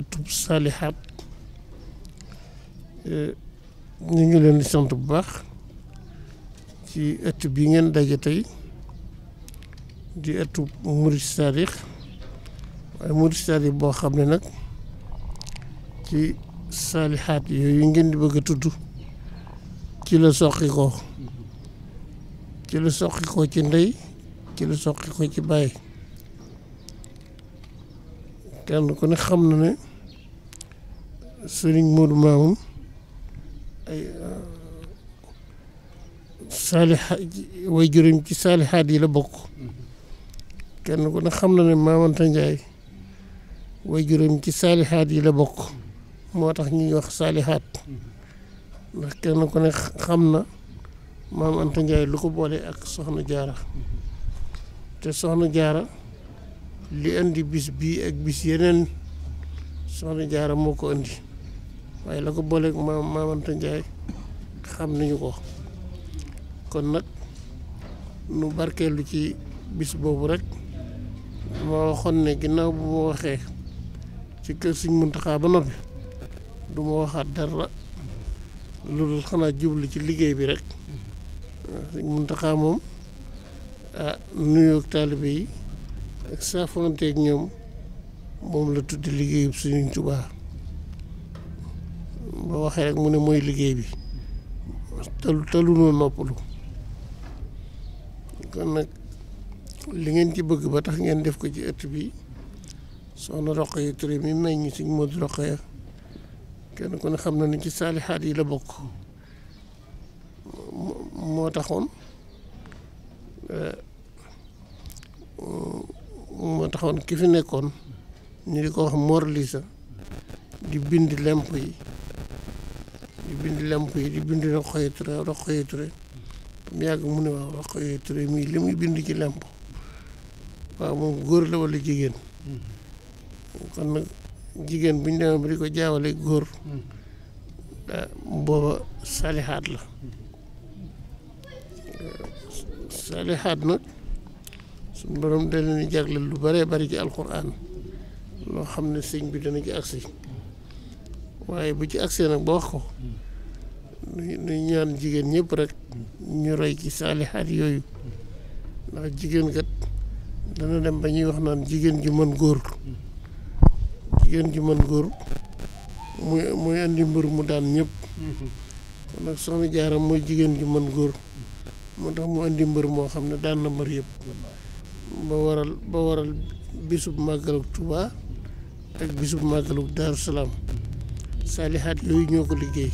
atub saalihaat eh, ñu ngi leen di sant bu baax ci ëtt bi ngeen daje tey di ëttu murid saadix waaye murid saadix boo xam ne nag ci saalihaat yooyu ngeen di bëgg a tudd ci la soqi ko ci la soqi ci ndey ci la soqi ko ci bàyyi kenn ku xam na ne sëriñ Modou Mamoun ay euh, saaliha way juróom ci saalihaat yi la bokk kenn ku ne xam na ne Maamanta Njaay way juróom ci saalihaat yi la bokk moo tax ñuy wax saalihaat ndax kenn ko ne xam na maam Anta lu ko boole ak soxna jaara te soxna jaara li indi bis bii ak bis yeneen soxna jaara moo ko indi waaye la ko booleeg maam Maam Anta Ndiaye xam nañu ko kon nag nu barkeelu ci bis boobu rek ma waxoon ne ginnaaw bu ma waxee ci kër Sëñ Muntaxa ba noppi du ma waxaat dara loolu xanaa jublu ci liggéey bi rek Sëñ Muntaxa moom ah nuyoog taalibe yi ak saafonteeg ñoom moom la tuddi liggéeyub Sëñ Tuubaa ma waxee rek mu ne mooy liggéey bi te te noppalu kon nag li ngeen ci bëgg ba tax ngeen def ko ci ëtt bi soxna roq yi Touré mi meññ suñ Modou Rokhaya kenn ku ne xam na ni ci saalixaat yi la bokk moo taxoon eh, moo taxoon ki fi nekkoon ñu di ko wax Mor di bind lemp yi di bind lamp yi di bind Rokhaya Touré Rokhaya Touré mu yàgg mu ne waaw Rokhaya Touré mii li muy bind ci lamp waaw moom góor la wala jigéen mm-hmm. kon nag jigéen bu ñu demee ba di ko jaawale góor mm-hmm. ah, booba la salihaat nag borom da lu bëree bëri ci alquran loo xam ne sëñ bi dana ci agsi waaye bu ci agsee nag ba wax ko nu ñaan jigéen ñëpp rek ñu roy ci saalihaat yooyu ndax jigéen kat dana dem ba ñuy wax naan jigéen ju mën góor jigéen ju mën góor muy muy andi mbër mu daan ñëpp kon nag soxna jaaram mooy jigéen ju mën góor moo tax mu andi mbër moo xam ne daan na mbër yëpp ba waral ba waral bisub màggalug Tuubaa ak bisub màggalug Daaru saalihaat yooyu ñoo ko liggéey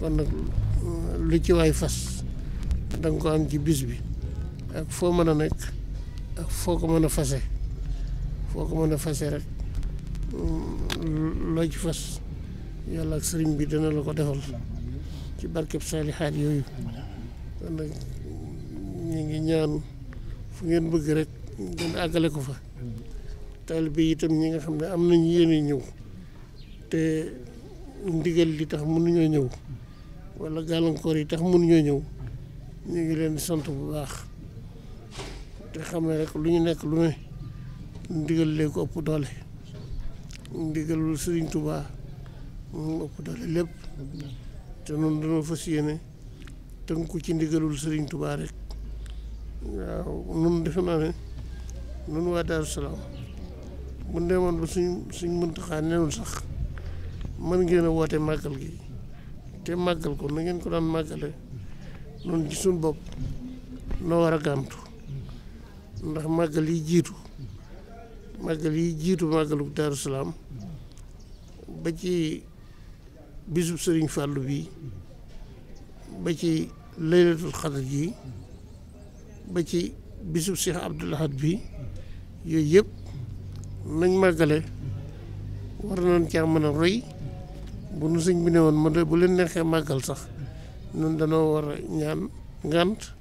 kon nag mm, lu ci waay fas da ko am ci bis bi ak foo mën a nekk ak foo ko mën a fase foo ko mën a fase rek mm, loo ci fas yàlla ak sëriñ bi dana la ko defal ci barkeb saalihaat yooyu kon nag ñu ngi ñaan fu ngeen bëgg rek ngeen àggale ko fa taalibe itam ñi nga xam ne am nañu yéene ñëw te ndigal li tax mënuñoo ñëw walla gàllankoor yi tax mënuñoo ñëw ñu ngi leen sant bu baax te xam ne rek lu ñu nekk lu ne ndigal lee ko ëpp doole ndigalul Sëriñ Tuubaa moom ëpp doole lépp te noonu dañoo fas yéene ko ci ndigalul Sëriñ Tuubaa rek waaw nun defe naa ne nun waa Daaru Salaam bu demoon ba suñ suñ Muntaxaa nenul sax mën ngeen a woote màggal gi te màggal ko na ngeen ko daan màggale noonu suñ bopp noo war a gàmtu ndax màggal yi jiitu màggal yi jiitu màggalu Daaru Salaam ba ci bisub Sëriñ Fàllu bi ba ci laylatul xadar ji ba ci bisub Cheikh Abdoul bi yooyu yëpp nañ màggale war nañ caa mën a roy bu nu sëñ bi ne woon ma de bu leen neexee màggal sax ñun danoo war a ñaan ngant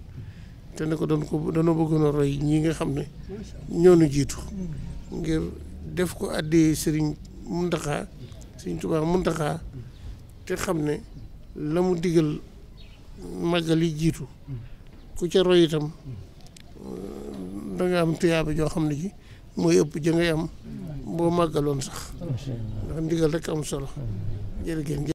te ne ko doon ko danoo bëggoon a roy ñi nga xam ne ñoo nu jiitu ngir def ko àddee sëriñ Muntaxa sëriñ Tuubaa Muntaxa te xam ne la mu digal màggal yi jiitu ku ca roy itam danga am tuyaaba joo xam ne ji mooy ëpp ja ngay am boo màggaloon sax ndax ndigal rek am solo jërëjëf